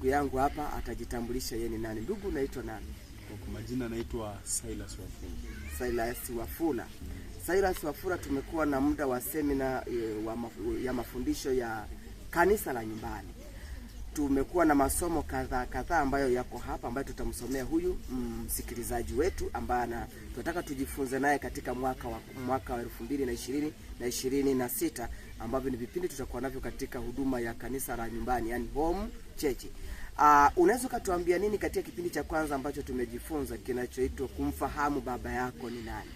ndugu yangu hapa atajitambulisha yeye ni nani. Ndugu, unaitwa nani? Kwa majina naitwa Silas Wafula. Silas Wafula. Silas Wafula, tumekuwa na muda wa semina eh, ya mafundisho ya kanisa la nyumbani tumekuwa na masomo kadhaa kadhaa ambayo yako hapa ambayo tutamsomea huyu mm, msikilizaji mm, wetu ambaye tunataka tujifunze naye katika mwaka wa mwaka wa elfu mbili na ishirini na ishirini na sita ambavyo ni vipindi tutakuwa navyo katika huduma ya kanisa la nyumbani, yani home church. Uh, unaweza ukatuambia nini katika kipindi cha kwanza ambacho tumejifunza kinachoitwa kumfahamu baba yako ni nani?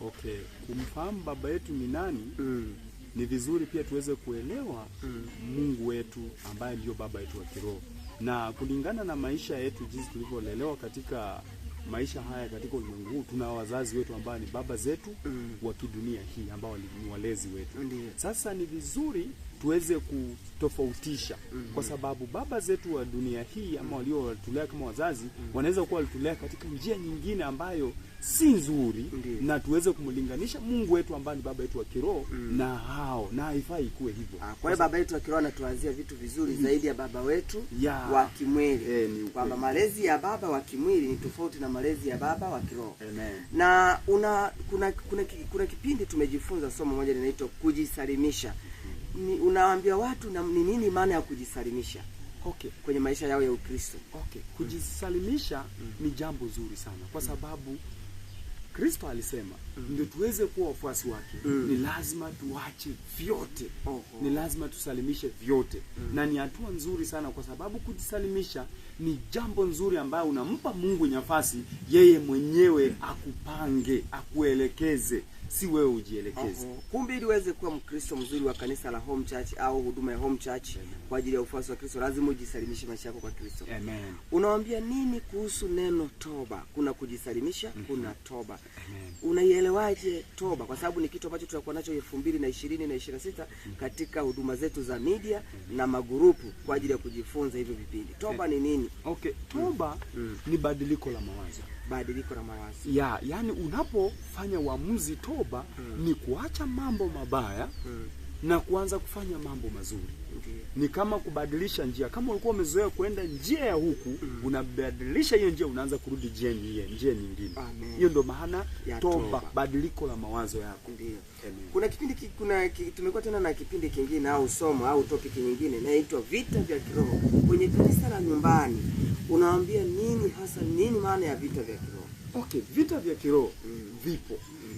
Okay, kumfahamu baba yetu ni nani? mm ni vizuri pia tuweze kuelewa mm. Mungu wetu ambaye ndio baba yetu wa kiroho, na kulingana na maisha yetu jinsi tulivyolelewa katika maisha haya katika ulimwengu huu, tuna wazazi wetu ambao ni baba zetu mm. wa kidunia hii ambao ni walezi wetu mm. Sasa ni vizuri tuweze kutofautisha mm -hmm. kwa sababu baba zetu wa dunia hii ama mm. waliowatulea kama wazazi mm -hmm. wanaweza kuwa walitulea katika njia nyingine ambayo si nzuri Ndiye. na tuweze kumlinganisha Mungu wetu ambaye ni baba yetu wa kiroho mm. na hao na haifai ikuwe hivyo. Ah, kwa hiyo baba yetu wa kiroho anatuanzia vitu vizuri mm. zaidi ya baba wetu yeah. wa kimwili eh, kwamba malezi ya baba wa kimwili ni tofauti na malezi ya baba wa kiroho. Na una kuna, kuna kuna kipindi tumejifunza somo moja linaitwa kujisalimisha. Ni, unawaambia watu na, ni nini maana ya kujisalimisha? Okay. Kwenye maisha yao ya Ukristo. Okay. Kujisalimisha mm. ni jambo zuri sana kwa mm. sababu mm Kristo alisema mm. ndio tuweze kuwa wafuasi wake mm. ni lazima tuache vyote oh, oh. ni lazima tusalimishe vyote mm. na ni hatua nzuri sana, kwa sababu kujisalimisha ni jambo nzuri ambayo unampa Mungu nafasi yeye mwenyewe akupange, akuelekeze si wewe ujielekeze. uh -huh. Kumbe ili uweze kuwa Mkristo mzuri wa kanisa la Home Church au huduma ya Home Church Amen. kwa ajili ya ufuasi wa Kristo lazima ujisalimishe maisha yako kwa Kristo. Amen. Unawaambia nini kuhusu neno toba? Kuna kujisalimisha, mm -hmm. kuna toba. Unaielewaje toba? Kwa sababu ni kitu ambacho tunakuwa nacho elfu mbili na ishirini na ishirini na sita mhm. katika huduma zetu za media mm. na magurupu kwa ajili ya kujifunza hivyo vipindi. Toba eh. ni nini? Okay, mm. toba mm. ni badiliko la mawazo, badiliko la mawazo ya, yani unapofanya uamuzi toba toba hmm. ni kuacha mambo mabaya hmm. na kuanza kufanya mambo mazuri okay. Ni kama kubadilisha njia. Kama ulikuwa umezoea kwenda njia ya huku mm. unabadilisha hiyo njia, unaanza kurudi njia nyingine, njia nyingine. Hiyo ndio maana ya toba, badiliko la mawazo yako. ndio Kuna kipindi ki, kuna ki, tumekuwa tena na kipindi kingine au somo au topic nyingine inaitwa vita vya kiroho kwenye kanisa la nyumbani. unawaambia nini hasa, nini maana ya vita vya kiroho? Okay, vita vya kiroho mm. vipo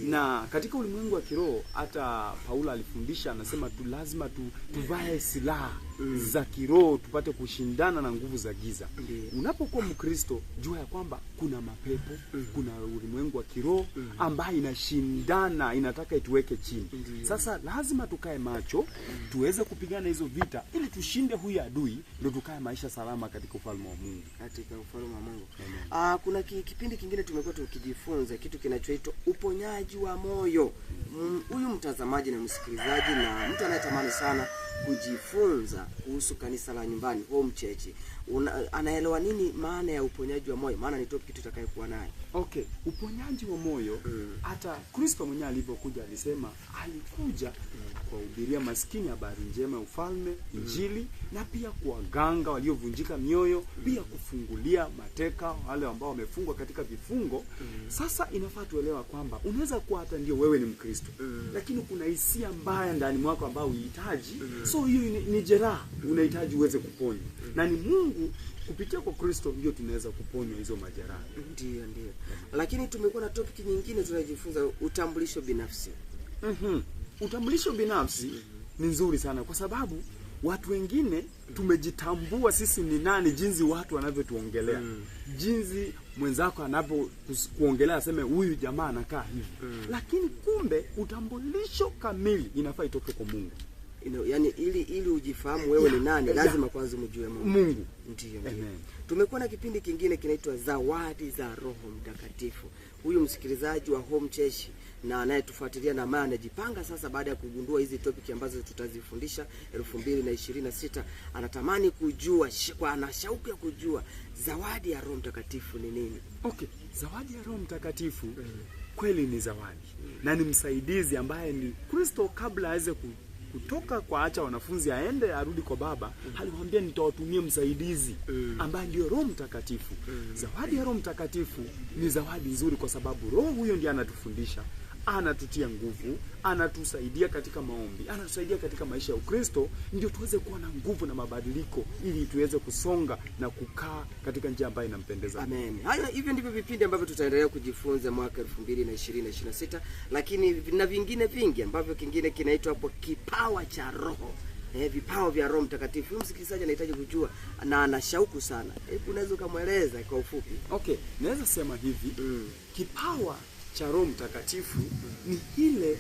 na katika ulimwengu wa kiroho hata Paulo alifundisha, anasema tu lazima tu tuvae silaha mm. za kiroho tupate kushindana na nguvu za giza mm. Unapokuwa Mkristo, jua ya kwamba kuna mapepo mm. kuna ulimwengu wa kiroho mm. ambayo inashindana, inataka ituweke chini mm. Sasa lazima tukae macho mm. tuweze kupigana hizo vita ili tushinde huyu adui, ndio tukae maisha salama katika ufalme wa Mungu, katika ufalme wa Mungu. Aa, ah, kuna kipindi kingine tumekuwa tukijifunza kitu kinachoitwa uponyaji wa moyo mm. Mm, huyu mtazamaji na msikilizaji na mtu anayetamani sana kujifunza kuhusu kanisa la nyumbani home church una, anaelewa nini maana ya uponyaji wa moyo? Maana ni topic tutakayokuwa naye. Okay, uponyaji wa moyo mm. hata mm. Kristo mwenyewe alivyokuja alisema alikuja mm. kuwahubiria maskini habari njema ya ufalme, mm. injili mm. na pia kuwaganga waliovunjika mioyo mm. pia kufungulia mateka wale ambao wamefungwa katika vifungo mm. Sasa inafaa tuelewa kwamba unaweza kuwa hata ndio wewe ni Mkristo mm. lakini kuna hisia mbaya ndani mwako ambayo uhitaji mm. so hiyo ni, ni jeraha unahitaji uweze kuponywa mm. na ni Mungu kupitia kwa Kristo ndio tunaweza kuponywa hizo majeraha. Ndio, ndio. Lakini tumekuwa na topic nyingine tunajifunza utambulisho binafsi. mm -hmm. Utambulisho binafsi mm -hmm. ni nzuri sana kwa sababu watu wengine tumejitambua sisi ni nani, jinsi watu wanavyotuongelea mm. jinsi mwenzako anavyokuongelea aseme huyu jamaa anakaa hivi mm. Lakini kumbe utambulisho kamili inafaa itoke kwa Mungu yani, ili ili ujifahamu wewe yeah, ni nani, yeah, lazima kwanza umjue Mungu. Mungu Ndio, ndiyo. Tumekuwa na kipindi kingine kinaitwa zawadi za Roho Mtakatifu. Huyu msikilizaji wa Home Church na anayetufuatilia na maana anajipanga sasa, baada ya kugundua hizi topic ambazo tutazifundisha elfu mbili na ishirini na sita anatamani kujua kwa, ana shauku ya kujua zawadi ya Roho Mtakatifu ni nini? Okay, zawadi ya Roho Mtakatifu mm. kweli ni zawadi mm. na ni msaidizi ambaye ni Kristo kabla aweze kutoka kwa acha wanafunzi aende arudi kwa baba mm. alimwambia nitawatumia msaidizi mm. ambaye ndio Roho Mtakatifu mm. zawadi ya Roho Mtakatifu ni zawadi nzuri, kwa sababu Roho huyo ndiye anatufundisha anatutia nguvu, anatusaidia katika maombi, anatusaidia katika maisha ya Ukristo, ndio tuweze kuwa na nguvu na mabadiliko, ili tuweze kusonga na kukaa katika njia ambayo inampendeza. Amen. Haya, hivyo ndivyo vipindi ambavyo tutaendelea kujifunza mwaka 2026, lakini na vingine vingi ambavyo kingine kinaitwa hapo kipawa cha Roho. Eh, vipao vya Roho Mtakatifu. Huyu msikilizaji anahitaji kujua na ana shauku sana. Hebu eh, unaweza ukamweleza kwa ufupi? Okay, naweza sema hivi. Mm. Kipawa cha Roho Mtakatifu ni ile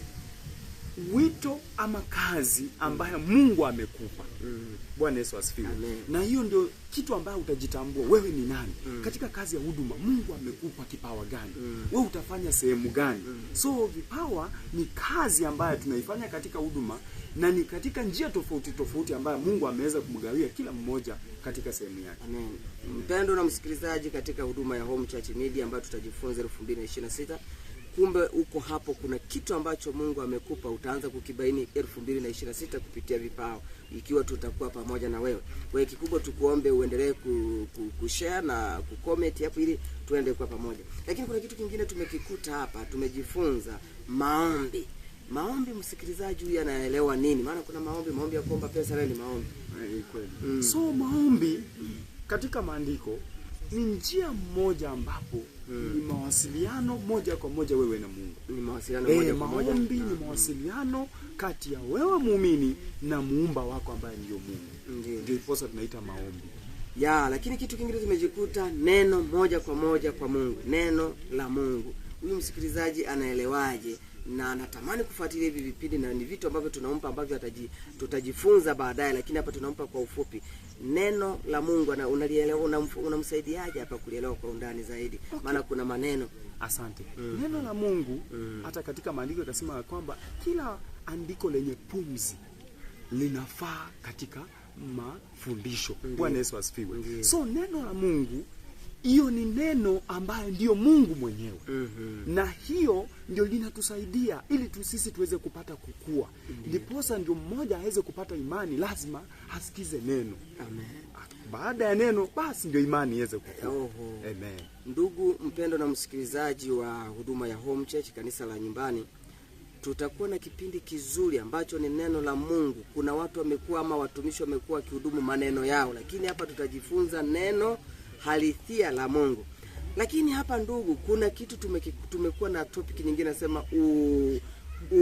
wito ama kazi ambayo Mungu amekupa. Mm. Bwana Yesu asifiwe. Na hiyo ndio kitu ambayo utajitambua wewe ni nani. Mm. Katika kazi ya huduma Mungu amekupa kipawa gani? Mm. Wewe utafanya sehemu gani? Mm. So vipawa ni kazi ambayo tunaifanya katika huduma na ni katika njia tofauti tofauti ambayo Mungu ameweza kumgawia kila mmoja katika sehemu yake. Amen. Mpendo na msikilizaji, katika huduma ya Home Church Media ambayo tutajifunza 2026 kumbe huko hapo kuna kitu ambacho Mungu amekupa, utaanza kukibaini 2026 kupitia vipao, ikiwa tutakuwa pamoja na wewe. Kwa hiyo kikubwa tukuombe uendelee kushare na kucomment hapo, ili tuende kuwa pamoja. Lakini kuna kitu kingine tumekikuta hapa, tumejifunza maombi. Maombi, msikilizaji huyu anaelewa nini? Maana kuna maombi, maombi ya kuomba pesa, ni maombi. Mm. So maombi katika maandiko ni njia mmoja ambapo mm. ni mawasiliano moja kwa moja wewe na Mungu. Ni mawasiliano e, moja eh, kwa moja. Maombi ni hmm. mawasiliano kati ya wewe muumini na muumba wako ambaye ndiyo Mungu. Ndio. Ndio iposa tunaita maombi. Ya, lakini kitu kingine tumejikuta neno moja kwa moja kwa Mungu, neno la Mungu. Huyu msikilizaji anaelewaje na anatamani kufuatilia hivi vipindi na ni vitu ambavyo tunampa ambavyo tutajifunza baadaye, lakini hapa tunampa kwa ufupi neno la Mungu. Unamsaidiaje hapa kulielewa kwa undani zaidi? okay. maana kuna maneno asante. mm. neno la Mungu mm. hata katika maandiko ikasema kwamba kila andiko lenye pumzi linafaa katika mafundisho. Bwana Yesu asifiwe. So neno la Mungu hiyo ni neno ambayo ndiyo Mungu mwenyewe mm -hmm. na hiyo ndio linatusaidia ili tu sisi tuweze kupata kukua, ndiposa mm -hmm. ndio mmoja aweze kupata imani, lazima asikize neno Amen. Baada ya neno basi ndio imani iweze kukua oh, oh. Amen. Ndugu mpendo na msikilizaji wa huduma ya Home Church kanisa la nyumbani, tutakuwa na kipindi kizuri ambacho ni neno la Mungu. Kuna watu wamekuwa ama watumishi wamekuwa wakihudumu maneno yao, lakini hapa tutajifunza neno halisia la Mungu. Lakini hapa ndugu, kuna kitu tumekuwa na topic nyingine nasema u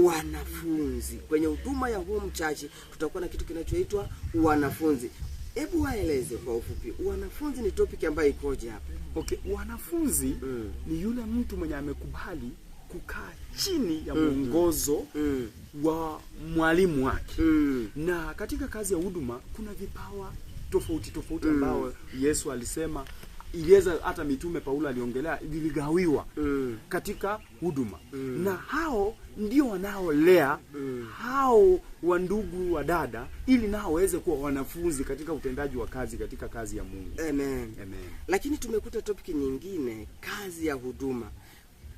wanafunzi. Kwenye huduma ya home church tutakuwa na kitu kinachoitwa wanafunzi. Hebu waeleze kwa ufupi, wanafunzi ni topic ambayo ikoje hapa? Okay, wanafunzi mm. ni yule mtu mwenye amekubali kukaa chini ya mm. mwongozo mm. mm. wa mwalimu wake mm. na katika kazi ya huduma kuna vipawa tofauti tofauti mm. ambao mm. Yesu alisema iliweza hata mitume Paulo aliongelea viligawiwa mm. katika huduma mm. na hao ndio wanaolea mm. hao wandugu wa dada, ili nao waweze kuwa wanafunzi katika utendaji wa kazi katika kazi ya Mungu. Amen. Amen. Lakini tumekuta topic nyingine, kazi ya huduma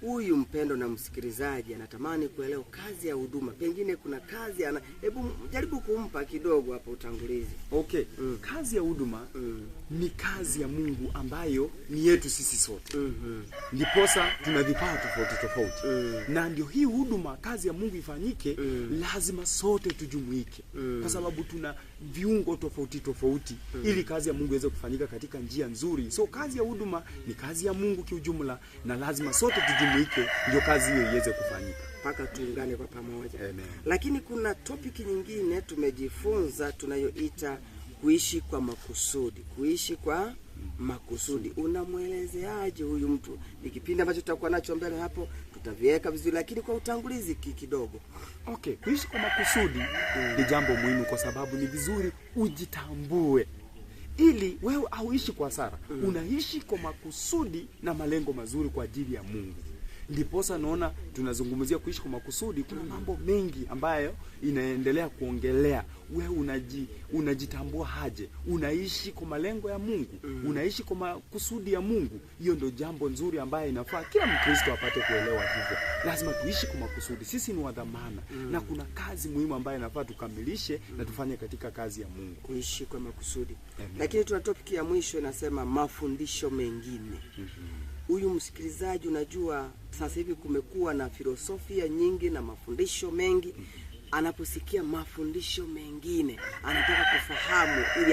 huyu mpendo na msikilizaji anatamani kuelewa kazi ya huduma, pengine kuna kazi ana, hebu jaribu kumpa kidogo hapo utangulizi. Okay. Mm. Kazi ya huduma mm ni kazi ya Mungu ambayo ni yetu sisi sote mm -hmm. Ndiposa tuna vipawa tofauti tofauti mm -hmm. Na ndio hii huduma, kazi ya Mungu ifanyike mm -hmm. Lazima sote tujumuike mm -hmm. Kwa sababu tuna viungo tofauti tofauti mm -hmm. Ili kazi ya Mungu iweze kufanyika katika njia nzuri. So kazi ya huduma ni kazi ya Mungu kiujumla, na lazima sote tujumuike, ndio kazi hiyo iweze kufanyika mpaka tuungane kwa pamoja. Amen. Lakini kuna topic nyingine tumejifunza tunayoita kuishi kwa makusudi, kuishi kwa makusudi. Unamwelezeaje huyu mtu? Ni kipindi ambacho tutakuwa nacho mbele hapo, tutaviweka vizuri, lakini kwa utangulizi kidogo. Okay, kuishi kwa makusudi ni jambo muhimu, kwa sababu ni vizuri ujitambue ili wewe auishi kwa hasara. Mm. Unaishi kwa makusudi na malengo mazuri kwa ajili ya Mungu. Ndiposa naona tunazungumzia kuishi kwa makusudi. Kuna mambo mengi ambayo inaendelea kuongelea. We unaji, unajitambua haje Unaishi kwa malengo ya Mungu, mm. unaishi kwa makusudi ya Mungu. Hiyo ndio jambo nzuri ambayo inafaa kila Mkristo apate kuelewa hivyo. Lazima tuishi kwa makusudi, sisi ni wadhamana mm. na kuna kazi muhimu ambayo inafaa tukamilishe mm. na tufanye katika kazi ya Mungu, kuishi kwa makusudi. Amen. Lakini tuna ya mwisho inasema mafundisho mengine mm -hmm huyu msikilizaji, unajua sasa hivi kumekuwa na filosofia nyingi na mafundisho mengi. Anaposikia mafundisho mengine anataka kufahamu, ili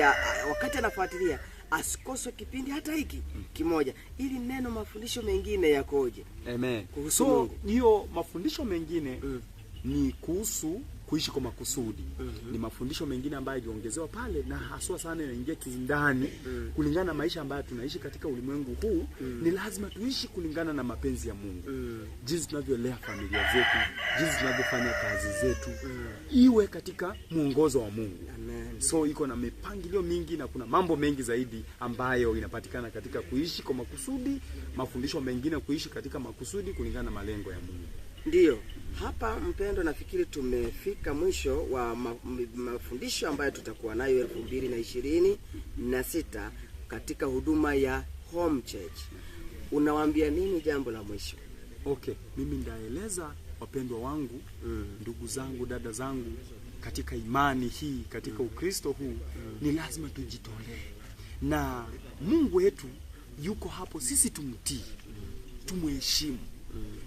wakati anafuatilia asikoswe kipindi hata hiki kimoja, ili neno mafundisho mengine yakoje. Amen. Kuhusu so, hiyo mafundisho mengine mm. ni kuhusu kuishi kwa makusudi mm -hmm. Ni mafundisho mengine ambayo yaliongezewa pale na haswa sana yanaingia kindani mm -hmm. Kulingana na maisha ambayo tunaishi katika ulimwengu huu mm -hmm. Ni lazima tuishi kulingana na mapenzi ya Mungu mm -hmm. Jinsi tunavyolea familia zetu, jinsi tunavyofanya kazi zetu mm -hmm. Iwe katika mwongozo wa Mungu Amen. So iko na mipangilio mingi na kuna mambo mengi zaidi ambayo inapatikana katika kuishi kwa makusudi, mafundisho mengine kuishi katika makusudi kulingana na malengo ya Mungu. Ndiyo, hapa mpendo, nafikiri tumefika mwisho wa mafundisho ambayo tutakuwa nayo elfu mbili na ishirini na sita katika huduma ya home church. Unawaambia nini jambo la mwisho? Okay, mimi ndaeleza wapendwa wangu mm. ndugu zangu, dada zangu katika imani hii, katika mm. Ukristo huu mm. ni lazima tujitolee, na Mungu wetu yuko hapo, sisi tumtii, mm. tumheshimu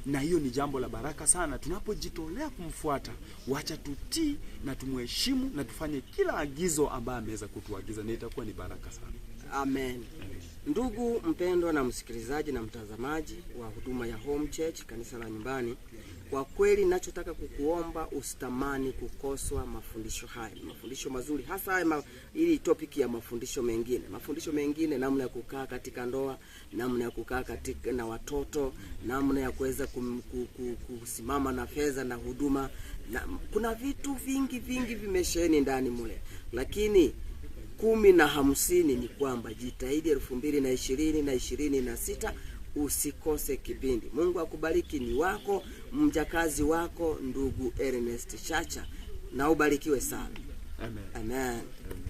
na hiyo ni jambo la baraka sana. Tunapojitolea kumfuata, wacha tutii na tumheshimu na tufanye kila agizo ambaye ameweza kutuagiza, na itakuwa ni baraka sana. Amen. Ndugu mpendwa na msikilizaji na mtazamaji wa huduma ya Home Church kanisa la nyumbani kwa kweli ninachotaka kukuomba usitamani kukoswa mafundisho haya, mafundisho mazuri, hasa haya ma, ili topic ya mafundisho mengine, mafundisho mengine, namna ya kukaa katika ndoa, namna ya kukaa katika na watoto, namna ya kuweza kusimama na fedha na huduma na, kuna vitu vingi vingi vimesheni ndani mule, lakini kumi na hamsini ni kwamba jitahidi elfu mbili na ishirini na ishirini na sita usikose kipindi. Mungu akubariki. Ni wako mjakazi wako ndugu Ernest Chacha, na ubarikiwe sana. Amen. Amen. Amen.